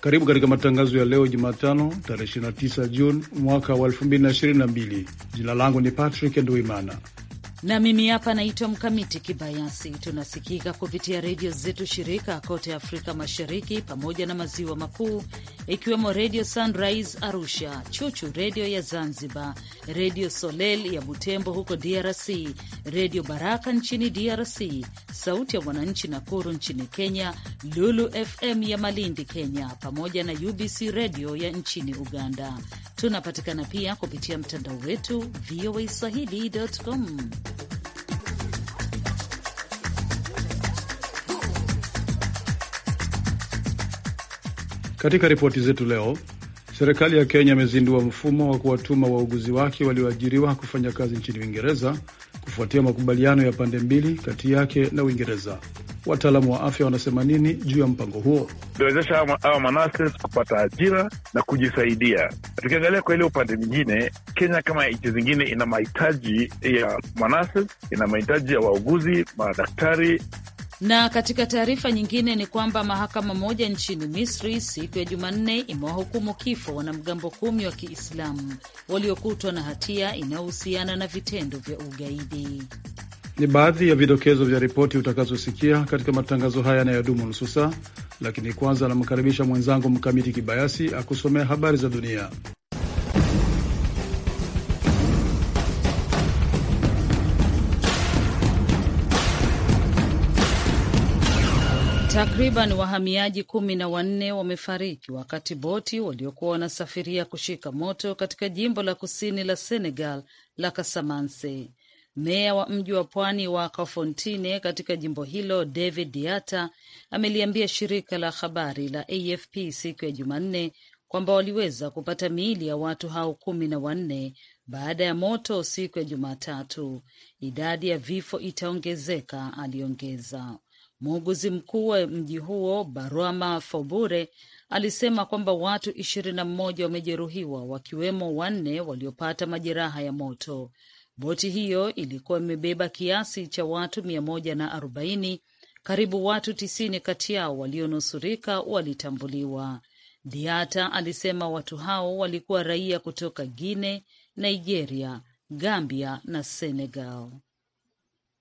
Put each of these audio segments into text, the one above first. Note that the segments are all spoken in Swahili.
Karibu katika matangazo ya leo Jumatano, tarehe 29 Juni mwaka wa 2022. Jina langu ni Patrick nduimana na mimi hapa naitwa Mkamiti Kibayasi. Tunasikika kupitia redio zetu shirika kote Afrika Mashariki pamoja na Maziwa Makuu, ikiwemo Redio Sunrise Arusha, Chuchu Redio ya Zanzibar, Redio Soleil ya Butembo huko DRC, Redio Baraka nchini DRC, Sauti ya Mwananchi Nakuru nchini Kenya, Lulu FM ya Malindi Kenya, pamoja na UBC Redio ya nchini Uganda. Tunapatikana pia kupitia mtandao wetu VOA swahili.com. Katika ripoti zetu leo, serikali ya Kenya imezindua mfumo wa kuwatuma wauguzi wake walioajiriwa kufanya kazi nchini Uingereza kufuatia makubaliano ya pande mbili kati yake na Uingereza. Wataalamu wa afya wanasema nini juu ya mpango huo? Itawezesha hawa manase kupata ajira na kujisaidia. Tukiangalia kwa ile upande mwingine, Kenya kama nchi zingine ina mahitaji ya manase ina mahitaji ya wauguzi, madaktari na katika taarifa nyingine ni kwamba mahakama moja nchini Misri siku ya Jumanne imewahukumu kifo wanamgambo kumi wa Kiislamu waliokutwa na hatia inayohusiana na vitendo vya ugaidi. Ni baadhi ya vidokezo vya ripoti utakazosikia katika matangazo haya yanayodumu nusu saa, lakini kwanza anamkaribisha mwenzangu Mkamiti Kibayasi akusomea habari za dunia. Takriban wahamiaji kumi na wanne wamefariki wakati boti waliokuwa wanasafiria kushika moto katika jimbo la kusini la Senegal la Kasamanse. Meya wa mji wa pwani wa Kafontine katika jimbo hilo David Diata ameliambia shirika la habari la AFP siku ya Jumanne kwamba waliweza kupata miili ya watu hao kumi na wanne baada ya moto siku ya Jumatatu. Idadi ya vifo itaongezeka, aliongeza. Muuguzi mkuu wa mji huo Barwama Fobure alisema kwamba watu ishirini na mmoja wamejeruhiwa wakiwemo wanne waliopata majeraha ya moto. Boti hiyo ilikuwa imebeba kiasi cha watu mia moja na arobaini. Karibu watu tisini kati yao walionusurika walitambuliwa. Diata alisema watu hao walikuwa raia kutoka guine Nigeria, Gambia na Senegal.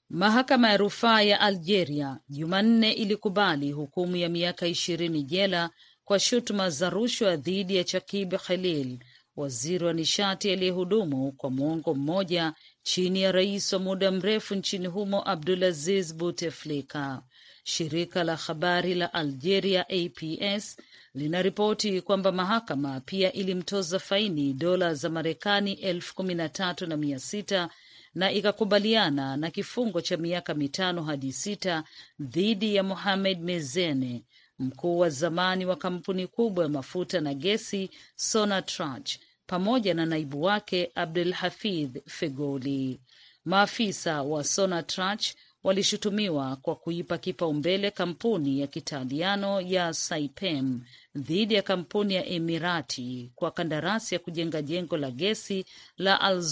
Mahakama ya rufaa ya Algeria Jumanne ilikubali hukumu ya miaka ishirini jela kwa shutuma za rushwa dhidi ya Chakib Khalil waziri wa nishati aliyehudumu kwa muongo mmoja chini ya rais wa muda mrefu nchini humo Abdulaziz Buteflika. Shirika la habari la Algeria APS linaripoti kwamba mahakama pia ilimtoza faini dola za Marekani elfu kumi na tatu na mia sita na ikakubaliana na kifungo cha miaka mitano hadi sita dhidi ya Mohamed Mezene mkuu wa zamani wa kampuni kubwa ya mafuta na gesi Sonatrach pamoja na naibu wake Abdul Hafidh Fegoli. Maafisa wa Sonatrach walishutumiwa kwa kuipa kipaumbele kampuni ya Kitaliano ya Saipem dhidi ya kampuni ya Emirati kwa kandarasi ya kujenga jengo la gesi la Al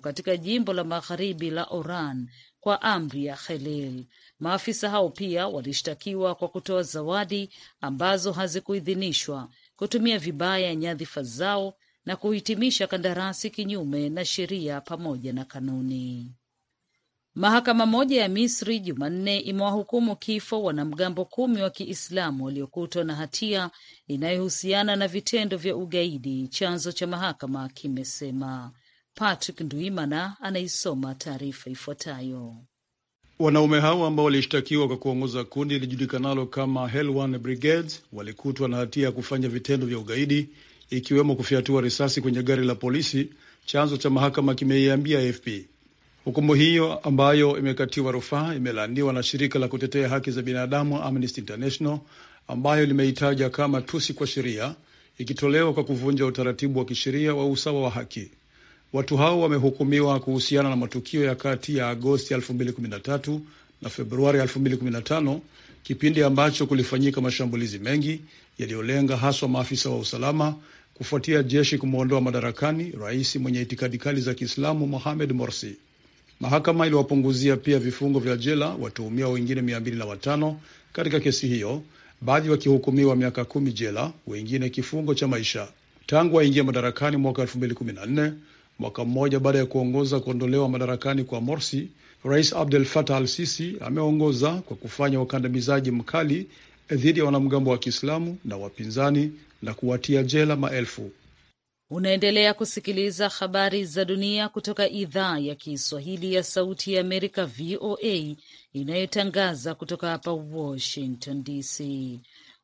katika jimbo la magharibi la Oran kwa amri ya Khalil. Maafisa hao pia walishtakiwa kwa kutoa zawadi ambazo hazikuidhinishwa, kutumia vibaya nyadhifa zao na kuhitimisha kandarasi kinyume na sheria pamoja na kanuni. Mahakama moja ya Misri Jumanne imewahukumu kifo wanamgambo kumi wa Kiislamu waliokutwa na hatia inayohusiana na vitendo vya ugaidi, chanzo cha mahakama kimesema. Patrick Ndwimana anaisoma taarifa ifuatayo. Wanaume hao ambao walishtakiwa kwa kuongoza kundi lilijulikanalo kama Helwan Brigades walikutwa na hatia ya kufanya vitendo vya ugaidi ikiwemo kufyatua risasi kwenye gari la polisi, chanzo cha mahakama kimeiambia AFP. Hukumu hiyo ambayo imekatiwa rufaa imelaaniwa na shirika la kutetea haki za binadamu Amnesty International, ambayo limeitaja kama tusi kwa sheria, ikitolewa kwa kuvunja utaratibu wa kisheria wa usawa wa haki. Watu hao wamehukumiwa kuhusiana na matukio ya kati ya Agosti 2013 na Februari 2015, kipindi ambacho kulifanyika mashambulizi mengi yaliyolenga haswa maafisa wa usalama kufuatia jeshi kumwondoa madarakani rais mwenye itikadi kali za Kiislamu Mohamed Morsi. Mahakama iliwapunguzia pia vifungo vya jela watuhumiwa wengine 205 katika kesi hiyo, baadhi wakihukumiwa miaka kumi jela, wengine kifungo cha maisha. Tangu waingia madarakani mwaka Mwaka mmoja baada ya kuongoza kuondolewa madarakani kwa Morsi, Rais Abdel Fattah al Sisi ameongoza kwa kufanya ukandamizaji mkali eh, dhidi ya wanamgambo wa Kiislamu na wapinzani na kuwatia jela maelfu. Unaendelea kusikiliza habari za dunia kutoka idhaa ya Kiswahili ya Sauti ya Amerika, VOA, inayotangaza kutoka hapa Washington DC.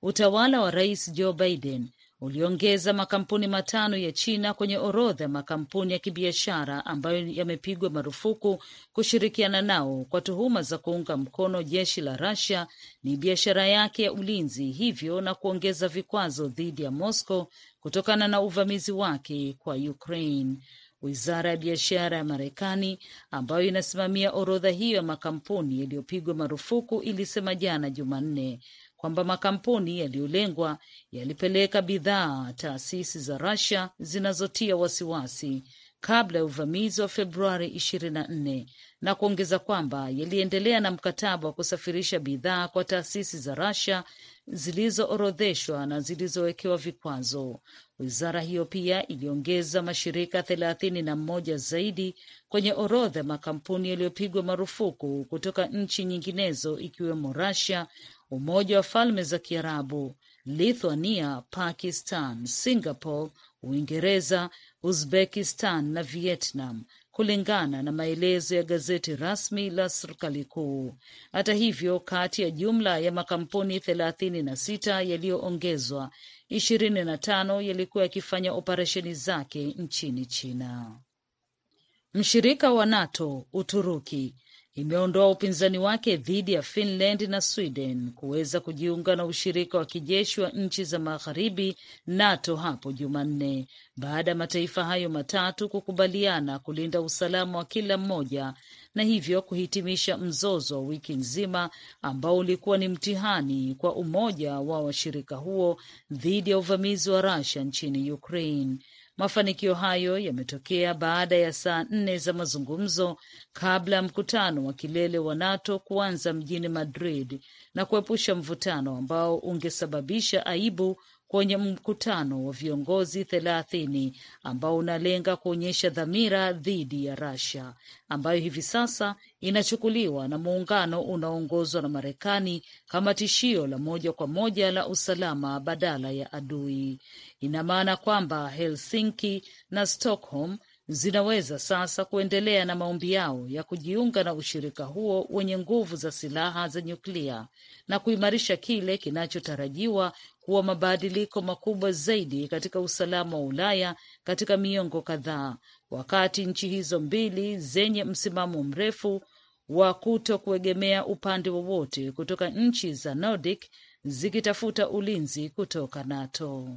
Utawala wa Rais Joe Biden uliongeza makampuni matano ya China kwenye orodha ya makampuni ya kibiashara ambayo yamepigwa marufuku kushirikiana nao kwa tuhuma za kuunga mkono jeshi la Russia ni biashara yake ya ulinzi, hivyo na kuongeza vikwazo dhidi ya Moscow kutokana na uvamizi wake kwa Ukraine. Wizara ya biashara ya Marekani ambayo inasimamia orodha hiyo ya makampuni yaliyopigwa marufuku ilisema jana Jumanne kwamba makampuni yaliyolengwa yalipeleka bidhaa taasisi za Russia zinazotia wasiwasi kabla ya uvamizi wa Februari 24 na kuongeza kwamba yaliendelea na mkataba wa kusafirisha bidhaa kwa taasisi za Russia zilizoorodheshwa na zilizowekewa vikwazo. Wizara hiyo pia iliongeza mashirika thelathini na mmoja zaidi kwenye orodha ya makampuni yaliyopigwa marufuku kutoka nchi nyinginezo ikiwemo Russia Umoja wa Falme za Kiarabu, Lithuania, Pakistan, Singapore, Uingereza, Uzbekistan na Vietnam, kulingana na maelezo ya gazeti rasmi la serikali kuu. Hata hivyo, kati ya jumla ya makampuni thelathini na sita yaliyoongezwa, ishirini na tano yalikuwa yakifanya operesheni zake nchini China. Mshirika wa NATO Uturuki imeondoa upinzani wake dhidi ya Finland na Sweden kuweza kujiunga na ushirika wa kijeshi wa nchi za magharibi NATO hapo Jumanne baada ya mataifa hayo matatu kukubaliana kulinda usalama wa kila mmoja na hivyo kuhitimisha mzozo wa wiki nzima ambao ulikuwa ni mtihani kwa umoja wa washirika huo dhidi ya uvamizi wa Russia nchini Ukraine. Mafanikio hayo yametokea baada ya saa nne za mazungumzo kabla ya mkutano wa kilele wa NATO kuanza mjini Madrid na kuepusha mvutano ambao ungesababisha aibu kwenye mkutano wa viongozi thelathini ambao unalenga kuonyesha dhamira dhidi ya Russia ambayo hivi sasa inachukuliwa na muungano unaoongozwa na Marekani kama tishio la moja kwa moja la usalama badala ya adui. Ina maana kwamba Helsinki na Stockholm zinaweza sasa kuendelea na maombi yao ya kujiunga na ushirika huo wenye nguvu za silaha za nyuklia na kuimarisha kile kinachotarajiwa kuwa mabadiliko makubwa zaidi katika usalama wa Ulaya katika miongo kadhaa, wakati nchi hizo mbili zenye msimamo mrefu wa kuto kuegemea upande wowote kutoka nchi za Nordic zikitafuta ulinzi kutoka NATO.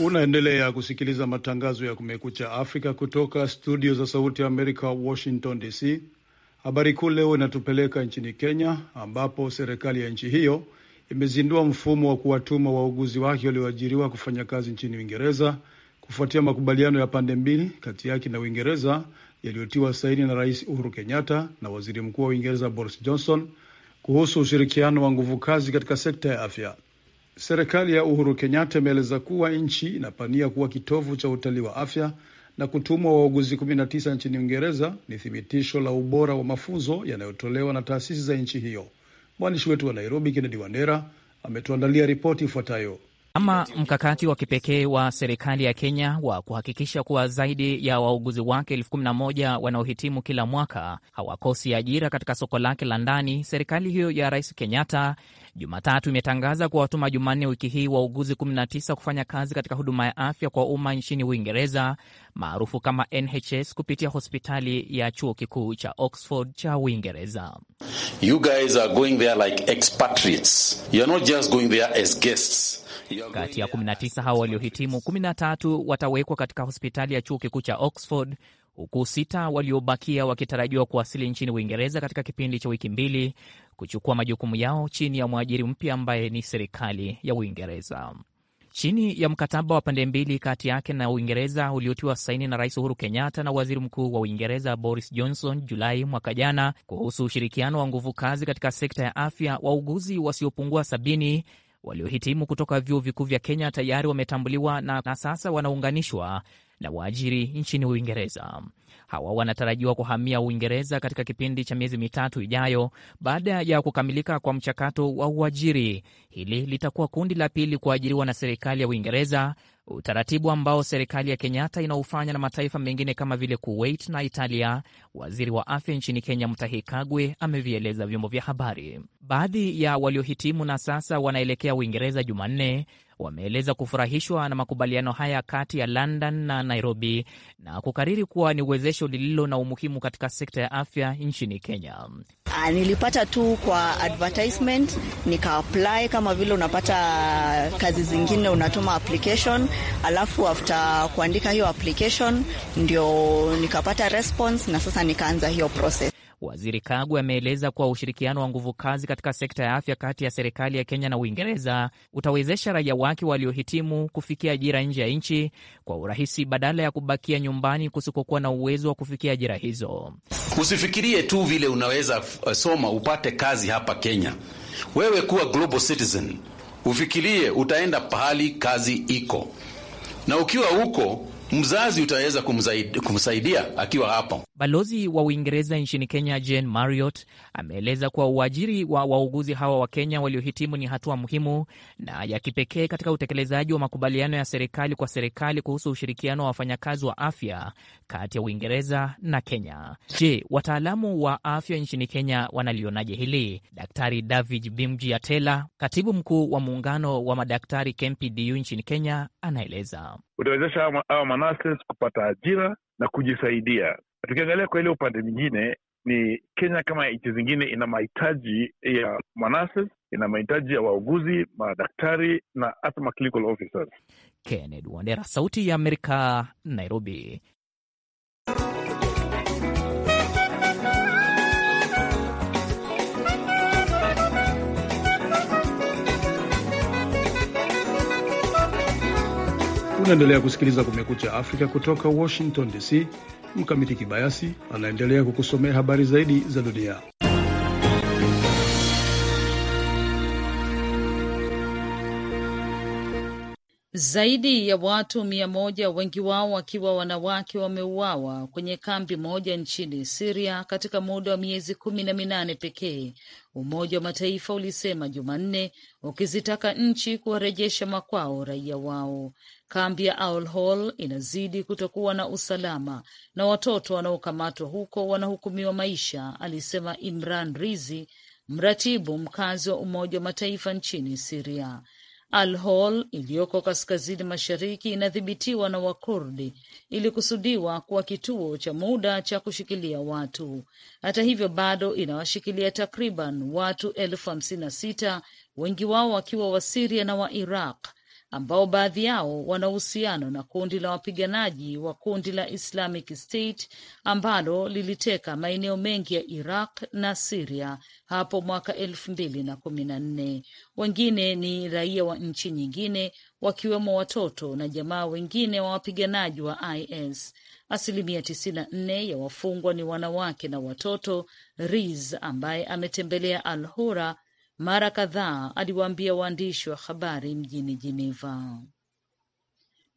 Unaendelea kusikiliza matangazo ya Kumekucha Afrika kutoka studio za Sauti ya Amerika, Washington DC. Habari kuu leo inatupeleka nchini Kenya, ambapo serikali ya nchi hiyo imezindua mfumo wa kuwatuma wauguzi wake walioajiriwa kufanya kazi nchini Uingereza kufuatia makubaliano ya pande mbili kati yake na Uingereza yaliyotiwa saini na Rais Uhuru Kenyatta na Waziri Mkuu wa Uingereza Boris Johnson kuhusu ushirikiano wa nguvu kazi katika sekta ya afya. Serikali ya Uhuru Kenyatta imeeleza kuwa nchi inapania kuwa kitovu cha utalii wa afya na kutumwa wauguzi 19 nchini Uingereza ni thibitisho la ubora wa mafunzo yanayotolewa na taasisi za nchi hiyo. Mwandishi wetu wa Nairobi, Kennedy Wandera, ametuandalia ripoti ifuatayo. Kama mkakati wa kipekee wa serikali ya Kenya wa kuhakikisha kuwa zaidi ya wauguzi wake elfu kumi na moja wanaohitimu kila mwaka hawakosi ajira katika soko lake la ndani, serikali hiyo ya Rais Kenyatta Jumatatu imetangaza kuwatuma Jumanne wiki hii wauguzi 19 kufanya kazi katika huduma ya afya kwa umma nchini Uingereza maarufu kama NHS kupitia hospitali ya chuo kikuu cha Oxford cha Uingereza. Kati ya 19 hao waliohitimu, 13 watawekwa katika hospitali ya chuo kikuu cha Oxford huku sita waliobakia wakitarajiwa kuwasili nchini Uingereza katika kipindi cha wiki mbili kuchukua majukumu yao chini ya mwajiri mpya ambaye ni serikali ya Uingereza. Chini ya mkataba wa pande mbili kati yake na Uingereza uliotiwa saini na Rais Uhuru Kenyatta na Waziri Mkuu wa Uingereza Boris Johnson Julai mwaka jana kuhusu ushirikiano wa nguvu kazi katika sekta ya afya, wauguzi wasiopungua sabini waliohitimu kutoka vyuo vikuu vya Kenya tayari wametambuliwa na, na sasa wanaunganishwa na waajiri nchini Uingereza. Hawa wanatarajiwa kuhamia Uingereza katika kipindi cha miezi mitatu ijayo baada ya kukamilika kwa mchakato wa uajiri. Hili litakuwa kundi la pili kuajiriwa na serikali ya Uingereza utaratibu ambao serikali ya Kenyatta inaufanya na mataifa mengine kama vile Kuwait na Italia. Waziri wa afya nchini Kenya Mutahi Kagwe amevieleza vyombo vya habari. Baadhi ya waliohitimu na sasa wanaelekea Uingereza Jumanne wameeleza kufurahishwa na makubaliano haya kati ya London na Nairobi na kukariri kuwa ni uwezesho lililo na umuhimu katika sekta ya afya nchini Kenya. A, ah, nilipata tu kwa advertisement apply kama vile unapata kazi zingine unatuma application, alafu after kuandika hiyo application ndio nikapata response na sasa nikaanza hiyo process. Waziri Kagwe ameeleza kuwa ushirikiano wa nguvu kazi katika sekta ya afya kati ya serikali ya Kenya na Uingereza utawezesha raia wake waliohitimu kufikia ajira nje ya nchi kwa urahisi badala ya kubakia nyumbani kusikokuwa na uwezo wa kufikia ajira hizo. Usifikirie tu vile unaweza uh, soma upate kazi hapa Kenya. Wewe kuwa global citizen, ufikirie utaenda pahali kazi iko, na ukiwa huko mzazi utaweza kumsaidia akiwa hapo. Balozi wa Uingereza nchini Kenya Jane Marriott ameeleza kuwa uajiri wa wauguzi hawa wa Kenya waliohitimu ni hatua muhimu na ya kipekee katika utekelezaji wa makubaliano ya serikali kwa serikali kuhusu ushirikiano wa wafanyakazi wa afya kati ya Uingereza na Kenya. Je, wataalamu wa afya nchini Kenya wanalionaje hili? Daktari David Bimji Atela, katibu mkuu wa muungano wa madaktari KMPDU nchini Kenya, anaeleza utawezesha hawa manases kupata ajira na kujisaidia. Tukiangalia kwa ile upande mwingine, ni Kenya kama nchi zingine ina mahitaji ya manases, ina mahitaji ya wauguzi, madaktari na hata maclinical officers. kenned Wandera, Sauti ya Amerika, Nairobi. Unaendelea kusikiliza Kumekucha Afrika kutoka Washington DC. Mkamiti Kibayasi anaendelea kukusomea habari zaidi za dunia. Zaidi ya watu mia moja wengi wao wakiwa wanawake wameuawa kwenye kambi moja nchini siria katika muda wa miezi kumi na minane pekee, Umoja wa Mataifa ulisema Jumanne, ukizitaka nchi kuwarejesha makwao raia wao. Kambi ya Al Hol inazidi kutokuwa na usalama na watoto wanaokamatwa huko wanahukumiwa maisha, alisema Imran Rizi, mratibu mkazi wa Umoja wa Mataifa nchini siria Al-Hol iliyoko kaskazini mashariki inadhibitiwa na Wakurdi, ilikusudiwa kuwa kituo cha muda cha kushikilia watu. Hata hivyo, bado inawashikilia takriban watu elfu hamsini na sita, wengi wao wakiwa Wasiria na Wairaq ambao baadhi yao wana uhusiano na kundi la wapiganaji wa kundi la Islamic State ambalo liliteka maeneo mengi ya Iraq na Siria hapo mwaka elfu mbili na kumi na nne. Wengine ni raia wa nchi nyingine wakiwemo watoto na jamaa wengine wa wapiganaji wa IS. Asilimia tisini na nne ya wafungwa ni wanawake na watoto. Riz ambaye ametembelea Al-Hura mara kadhaa aliwaambia waandishi wa habari mjini Jeneva.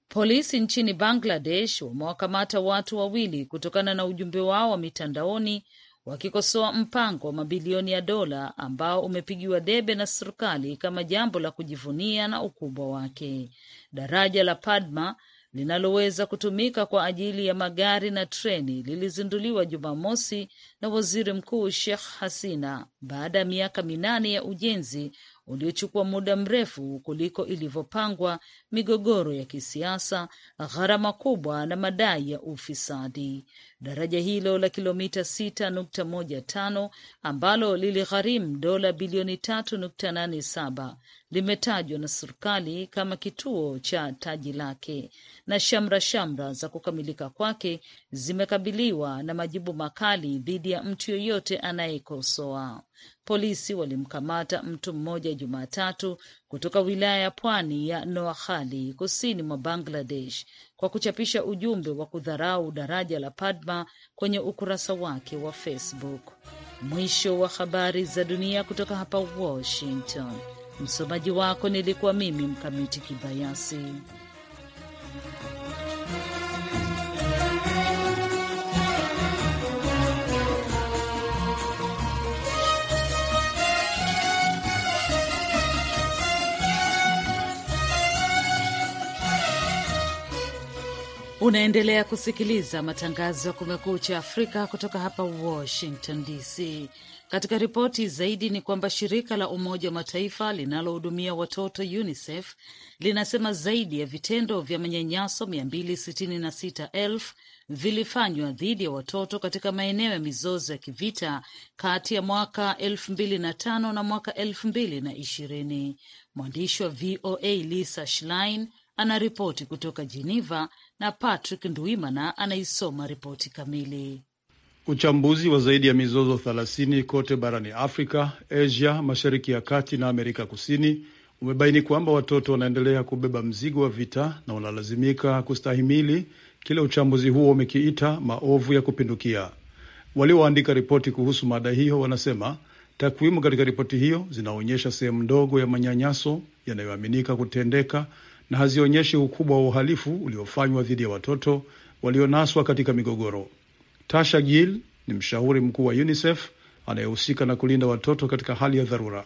Polisi nchini Bangladesh wamewakamata watu wawili kutokana na ujumbe wao wa mitandaoni wakikosoa mpango wa mabilioni ya dola ambao umepigiwa debe na serikali kama jambo la kujivunia na ukubwa wake. Daraja la Padma linaloweza kutumika kwa ajili ya magari na treni lilizinduliwa Jumamosi na Waziri Mkuu Sheikh Hasina baada ya miaka minane ya ujenzi uliochukua muda mrefu kuliko ilivyopangwa, migogoro ya kisiasa, gharama kubwa na madai ya ufisadi. Daraja hilo la kilomita 6.15 ambalo liligharimu dola bilioni 3.87 limetajwa na serikali kama kituo cha taji lake, na shamra shamra za kukamilika kwake zimekabiliwa na majibu makali dhidi ya mtu yoyote anayekosoa. Polisi walimkamata mtu mmoja Jumatatu kutoka wilaya ya pwani ya Noakhali kusini mwa Bangladesh kwa kuchapisha ujumbe wa kudharau daraja la Padma kwenye ukurasa wake wa Facebook. Mwisho wa habari za dunia kutoka hapa Washington. Msomaji wako nilikuwa mimi Mkamiti Kibayasi. Unaendelea kusikiliza matangazo ya Kumekucha Afrika kutoka hapa Washington DC. Katika ripoti zaidi ni kwamba shirika la Umoja wa Mataifa linalohudumia watoto UNICEF linasema zaidi ya vitendo vya manyanyaso mia mbili sitini na sita elfu vilifanywa dhidi ya watoto katika maeneo ya mizozo ya kivita kati ya mwaka elfu mbili na tano na mwaka elfu mbili na ishirini. Mwandishi wa VOA Lisa Schlein anaripoti kutoka Geneva na Patrick Nduimana anaisoma ripoti kamili. Uchambuzi wa zaidi ya mizozo 30 kote barani Afrika, Asia, Mashariki ya Kati na Amerika Kusini umebaini kwamba watoto wanaendelea kubeba mzigo wa vita na wanalazimika kustahimili kile uchambuzi huo umekiita maovu ya kupindukia. Walioandika ripoti kuhusu mada hiyo wanasema takwimu katika ripoti hiyo zinaonyesha sehemu ndogo ya manyanyaso yanayoaminika kutendeka na hazionyeshi ukubwa wa uhalifu uliofanywa dhidi ya watoto walionaswa katika migogoro. Tasha Gill ni mshauri mkuu wa UNICEF anayehusika na kulinda watoto katika hali ya dharura.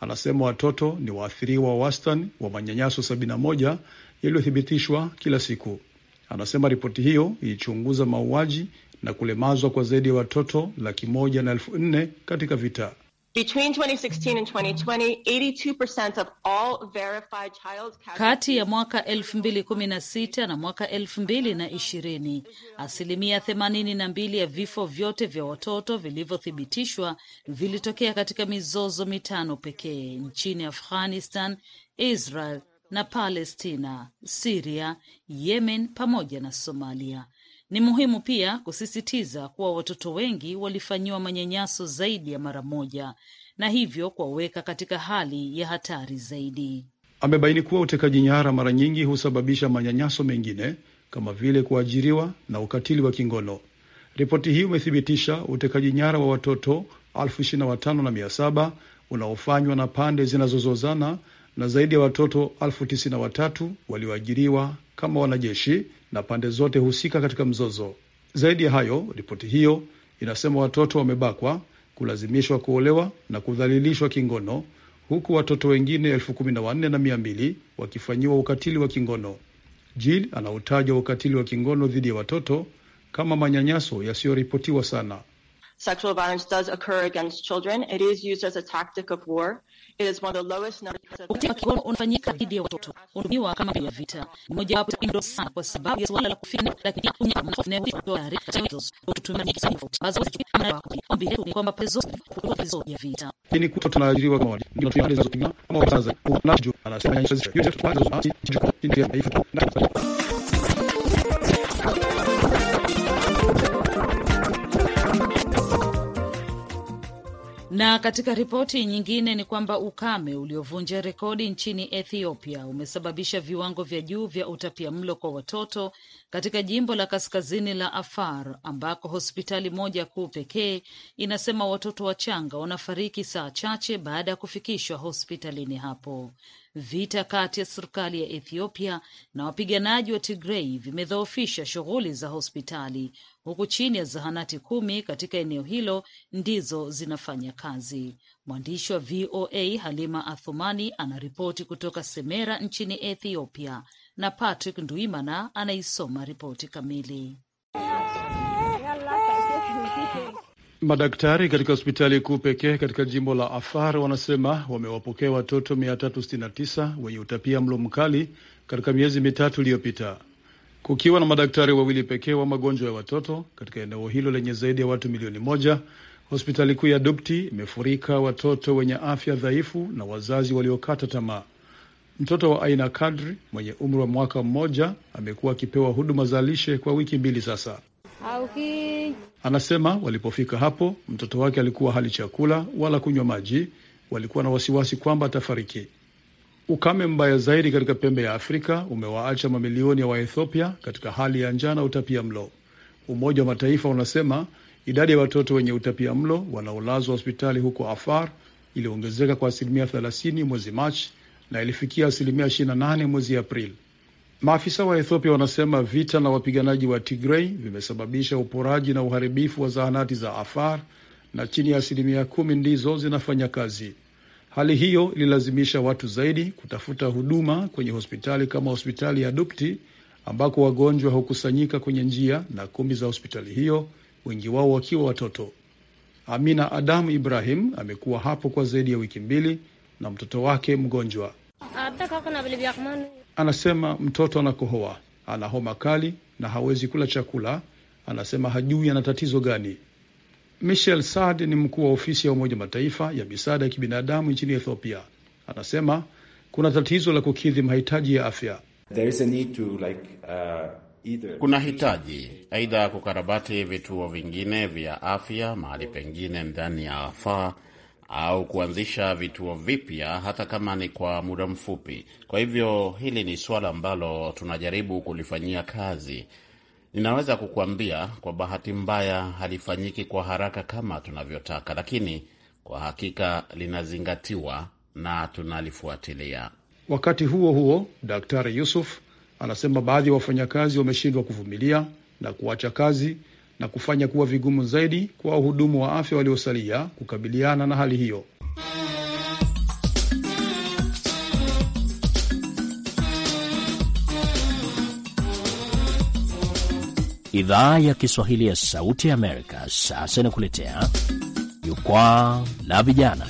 Anasema watoto ni waathiriwa wa wastani wa manyanyaso 71 yaliyothibitishwa kila siku. Anasema ripoti hiyo ilichunguza mauaji na kulemazwa kwa zaidi ya watoto laki moja na elfu nne katika vita. Between 2016 and 2020, 82% of all verified child... casualties... Kati ya mwaka 2016 na mwaka 2020, asilimia 82 ya vifo vyote vya watoto vilivyothibitishwa vilitokea katika mizozo mitano pekee nchini Afghanistan, Israel na Palestina, Siria, Yemen pamoja na Somalia. Ni muhimu pia kusisitiza kuwa watoto wengi walifanyiwa manyanyaso zaidi ya mara moja na hivyo kuwaweka katika hali ya hatari zaidi. Amebaini kuwa utekaji nyara mara nyingi husababisha manyanyaso mengine kama vile kuajiriwa na ukatili wa kingono. Ripoti hii umethibitisha utekaji nyara wa watoto elfu ishirini na watano na mia saba unaofanywa na pande zinazozozana na zaidi ya watoto elfu tisini na watatu walioajiriwa kama wanajeshi na pande zote husika katika mzozo. Zaidi ya hayo, ripoti hiyo inasema watoto wamebakwa, kulazimishwa kuolewa na kudhalilishwa kingono, huku watoto wengine elfu kumi na wanne na mia mbili wakifanyiwa ukatili wa kingono. Jill anautaja ukatili wa kingono dhidi ya watoto kama manyanyaso yasiyoripotiwa sana. Sexual violence does occur against children. It is used as a tactic of war. Ukatili unafanyika dhidi ya watoto, unatumiwa kama mbinu ya vita. Ni mojawapo ndogo sana, kwa sababu ya swala la kufika, lakini ombi letu ni kwamba pande zote ya vita Na katika ripoti nyingine ni kwamba ukame uliovunja rekodi nchini Ethiopia umesababisha viwango vya juu vya utapia mlo kwa watoto katika jimbo la kaskazini la Afar ambako hospitali moja kuu pekee inasema watoto wachanga wanafariki saa chache baada ya kufikishwa hospitalini hapo. Vita kati ya serikali ya Ethiopia na wapiganaji wa Tigrei vimedhoofisha shughuli za hospitali, huku chini ya zahanati kumi katika eneo hilo ndizo zinafanya kazi. Mwandishi wa VOA Halima Athumani anaripoti kutoka Semera nchini Ethiopia, na Patrick Nduimana anaisoma ripoti kamili. Madaktari katika hospitali kuu pekee katika jimbo la Afar wanasema wamewapokea watoto 369 wenye utapia mlo mkali katika miezi mitatu iliyopita, kukiwa na madaktari wawili pekee wa magonjwa ya watoto katika eneo hilo lenye zaidi ya watu milioni moja. Hospitali kuu ya dupti imefurika watoto wenye afya dhaifu na wazazi waliokata tamaa. Mtoto wa aina kadri mwenye umri wa mwaka mmoja amekuwa akipewa huduma za lishe kwa wiki mbili sasa. Anasema walipofika hapo mtoto wake alikuwa hali chakula wala kunywa maji, walikuwa na wasiwasi kwamba atafariki. Ukame mbaya zaidi katika pembe ya Afrika umewaacha mamilioni ya Waethiopia katika hali ya njaa na utapia mlo. Umoja wa Mataifa unasema idadi ya watoto wenye utapia mlo wanaolazwa hospitali huko Afar iliongezeka kwa asilimia 30 mwezi Machi na ilifikia asilimia 28 mwezi Aprili. Maafisa wa Ethiopia wanasema vita na wapiganaji wa Tigrei vimesababisha uporaji na uharibifu wa zahanati za Afar na chini ya asilimia kumi ndizo zinafanya kazi. Hali hiyo ililazimisha watu zaidi kutafuta huduma kwenye hospitali kama hospitali ya Dupti ambako wagonjwa hukusanyika kwenye njia na kumbi za hospitali hiyo, wengi wao wakiwa watoto. Amina Adamu Ibrahim amekuwa hapo kwa zaidi ya wiki mbili na mtoto wake mgonjwa. Anasema mtoto anakohoa, ana homa kali na hawezi kula chakula. Anasema hajui ana tatizo gani. Michel Saad ni mkuu wa ofisi ya Umoja Mataifa ya misaada ya kibinadamu nchini Ethiopia. Anasema kuna tatizo la kukidhi mahitaji ya afya. There is a need to like, uh, either... kuna hitaji aidha kukarabati vituo vingine vya afya mahali pengine ndani ya afaa au kuanzisha vituo vipya hata kama ni kwa muda mfupi. Kwa hivyo hili ni suala ambalo tunajaribu kulifanyia kazi. Ninaweza kukuambia kwa bahati mbaya halifanyiki kwa haraka kama tunavyotaka, lakini kwa hakika linazingatiwa na tunalifuatilia. Wakati huo huo, Daktari Yusuf anasema baadhi ya wafanyakazi wameshindwa kuvumilia na kuacha kazi na kufanya kuwa vigumu zaidi kwa wahudumu wa afya waliosalia kukabiliana na hali hiyo. Idhaa ya Kiswahili ya Sauti ya Amerika sasa inakuletea jukwaa la vijana.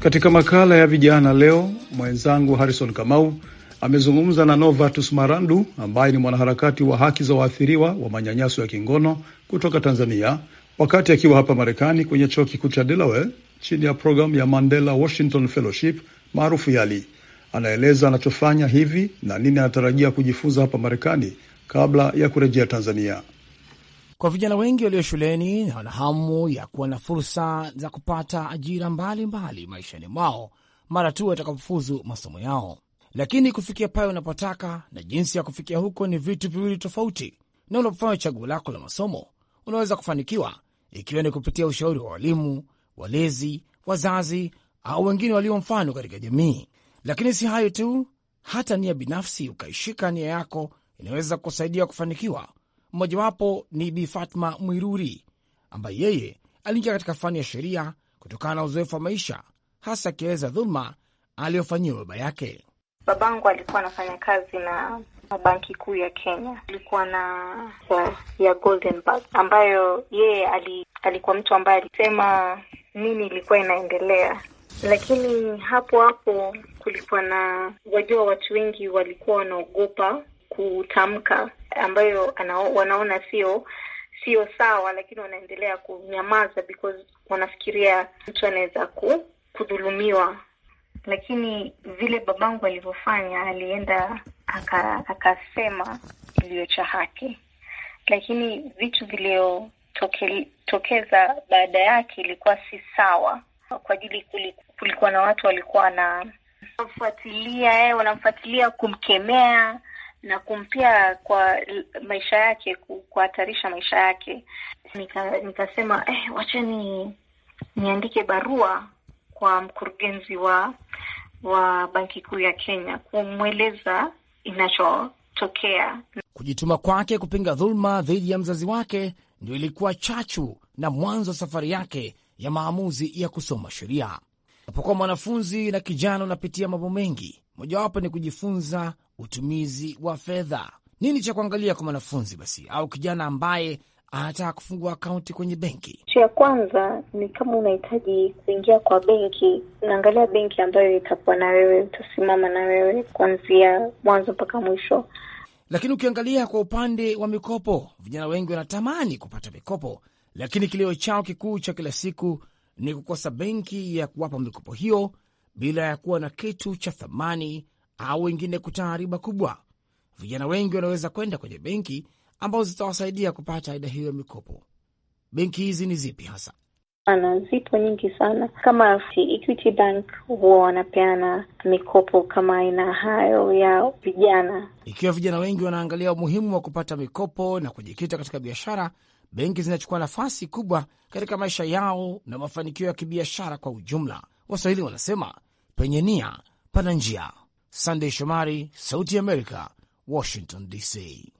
Katika makala ya vijana leo, mwenzangu Harrison Kamau amezungumza na Novatus Marandu ambaye ni mwanaharakati wa haki za waathiriwa wa manyanyaso ya kingono kutoka Tanzania wakati akiwa hapa Marekani kwenye chuo kikuu cha Delaware chini ya programu ya Mandela Washington Fellowship maarufu YALI. Anaeleza anachofanya hivi na nini anatarajia kujifunza hapa Marekani kabla ya kurejea Tanzania. Kwa vijana wengi walio shuleni na wana hamu ya kuwa na fursa za kupata ajira mbalimbali maishani mwao mara tu watakapofuzu masomo yao, lakini kufikia pale unapotaka na jinsi ya kufikia huko ni vitu viwili tofauti, na unapofanya chaguo lako la masomo unaweza kufanikiwa ikiwa ni kupitia ushauri wa walimu, walezi, wazazi au wengine walio mfano katika jamii. Lakini si hayo tu, hata nia binafsi, ukaishika nia yako inaweza kusaidia kufanikiwa. Mmojawapo ni Bi Fatma Mwiruri ambaye yeye aliingia katika fani ya sheria kutokana na uzoefu wa maisha, hasa akieleza dhuluma aliyofanyiwa baba yake babangu alikuwa anafanya kazi na Banki Kuu ya Kenya, alikuwa na ya, ya Goldenberg ambayo yeye ali, alikuwa mtu ambaye alisema nini ilikuwa inaendelea, lakini hapo hapo kulikuwa na, wajua, watu wengi walikuwa wanaogopa kutamka ambayo anao, wanaona sio sio sawa, lakini wanaendelea kunyamaza because wanafikiria mtu anaweza ku, kudhulumiwa lakini vile babangu alivyofanya, alienda akasema iliyo cha haki, lakini vitu viliotokeza baada yake ilikuwa si sawa, kwa ajili kulikuwa na watu walikuwa na fuatilia eh, wanamfuatilia kumkemea na kumpia kwa maisha yake, kuhatarisha maisha yake. Nika, nikasema eh, wacha ni niandike barua kwa mkurugenzi wa wa Banki Kuu ya Kenya kumweleza inachotokea. Kujituma kwake kupinga dhuluma dhidi ya mzazi wake ndio ilikuwa chachu na mwanzo wa safari yake ya maamuzi ya kusoma sheria. Napokuwa mwanafunzi na kijana, unapitia mambo mengi, mojawapo ni kujifunza utumizi wa fedha. Nini cha kuangalia kwa mwanafunzi basi au kijana ambaye anataka kufungua akaunti kwenye benki. Cha ya kwanza ni kama unahitaji kuingia kwa benki, unaangalia benki ambayo itakuwa na wewe, utasimama na wewe kuanzia mwanzo mpaka mwisho. Lakini ukiangalia kwa upande wa mikopo, vijana wengi wanatamani kupata mikopo, lakini kilio chao kikuu cha kila siku ni kukosa benki ya kuwapa mikopo hiyo bila ya kuwa na kitu cha thamani, au wengine kutaa riba kubwa. Vijana wengi wanaweza kwenda kwenye benki ambazo zitawasaidia kupata aina hiyo ya mikopo. Benki hizi ni zipi hasa? Ana zipo nyingi sana kama Equity Bank huwa wanapeana mikopo kama aina hayo ya vijana. Ikiwa vijana wengi wanaangalia umuhimu wa kupata mikopo na kujikita katika biashara, benki zinachukua nafasi kubwa katika maisha yao na mafanikio ya kibiashara kwa ujumla. Waswahili wanasema penye nia pana njia. Sandey Shomari, Sauti ya Amerika, Washington DC.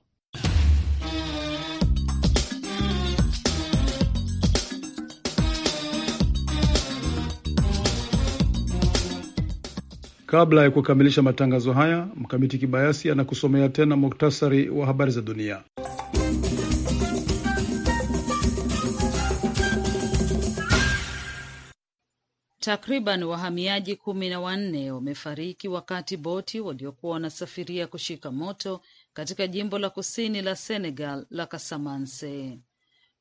Kabla ya kukamilisha matangazo haya, Mkamiti Kibayasi anakusomea tena muktasari wa habari za dunia. Takriban wahamiaji kumi na wanne wamefariki wakati boti waliokuwa wanasafiria kushika moto katika jimbo la kusini la Senegal la Kasamanse.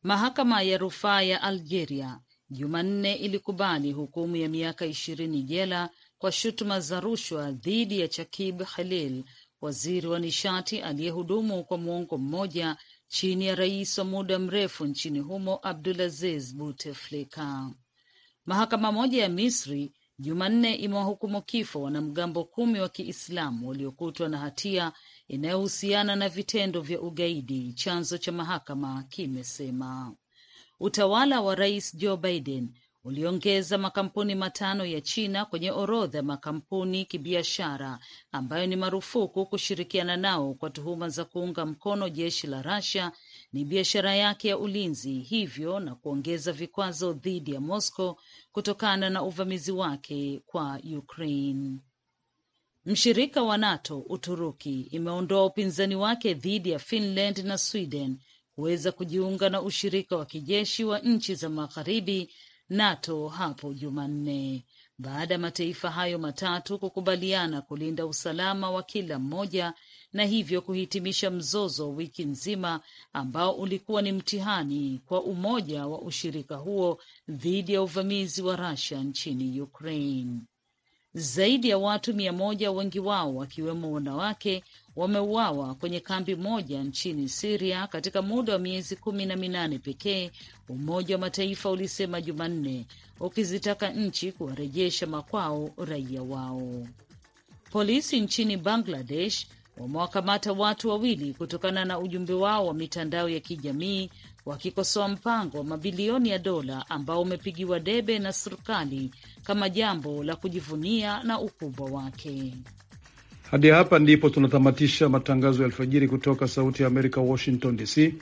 Mahakama ya rufaa ya Algeria Jumanne ilikubali hukumu ya miaka ishirini jela kwa shutuma za rushwa dhidi ya Chakib Khalil, waziri wa nishati aliyehudumu kwa muongo mmoja chini ya rais wa muda mrefu nchini humo Abdulaziz Buteflika. Mahakama moja ya Misri Jumanne imewahukumu kifo wanamgambo kumi wa Kiislamu waliokutwa na hatia inayohusiana na vitendo vya ugaidi, chanzo cha mahakama kimesema. Utawala wa rais Joe Biden uliongeza makampuni matano ya China kwenye orodha ya makampuni kibiashara ambayo ni marufuku kushirikiana nao kwa tuhuma za kuunga mkono jeshi la Russia ni biashara yake ya ulinzi, hivyo na kuongeza vikwazo dhidi ya Moscow kutokana na uvamizi wake kwa Ukraine. Mshirika wa NATO Uturuki imeondoa upinzani wake dhidi ya Finland na Sweden kuweza kujiunga na ushirika wa kijeshi wa nchi za magharibi NATO hapo Jumanne baada ya mataifa hayo matatu kukubaliana kulinda usalama wa kila mmoja na hivyo kuhitimisha mzozo wiki nzima ambao ulikuwa ni mtihani kwa umoja wa ushirika huo dhidi ya uvamizi wa Russia nchini Ukraine. Zaidi ya watu mia moja, wengi wao wakiwemo wanawake, wameuawa kwenye kambi moja nchini Siria katika muda wa miezi kumi na minane pekee, Umoja wa Mataifa ulisema Jumanne, ukizitaka nchi kuwarejesha makwao raia wao. Polisi nchini Bangladesh wamewakamata watu wawili kutokana na ujumbe wao wa mitandao ya kijamii wakikosoa mpango wa mabilioni ya dola ambao umepigiwa debe na serikali kama jambo la kujivunia na ukubwa wake. Hadi hapa ndipo tunatamatisha matangazo ya alfajiri kutoka Sauti ya Amerika, Washington DC.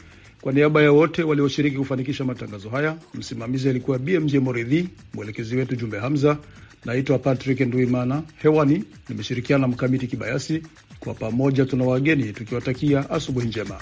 Kwa niaba ya wote walioshiriki kufanikisha matangazo haya, msimamizi alikuwa BMJ Moridhi, mwelekezi wetu Jumbe Hamza. Naitwa Patrick Nduimana, hewani nimeshirikiana na Mkamiti Kibayasi. Kwa pamoja tuna wageni tukiwatakia asubuhi njema.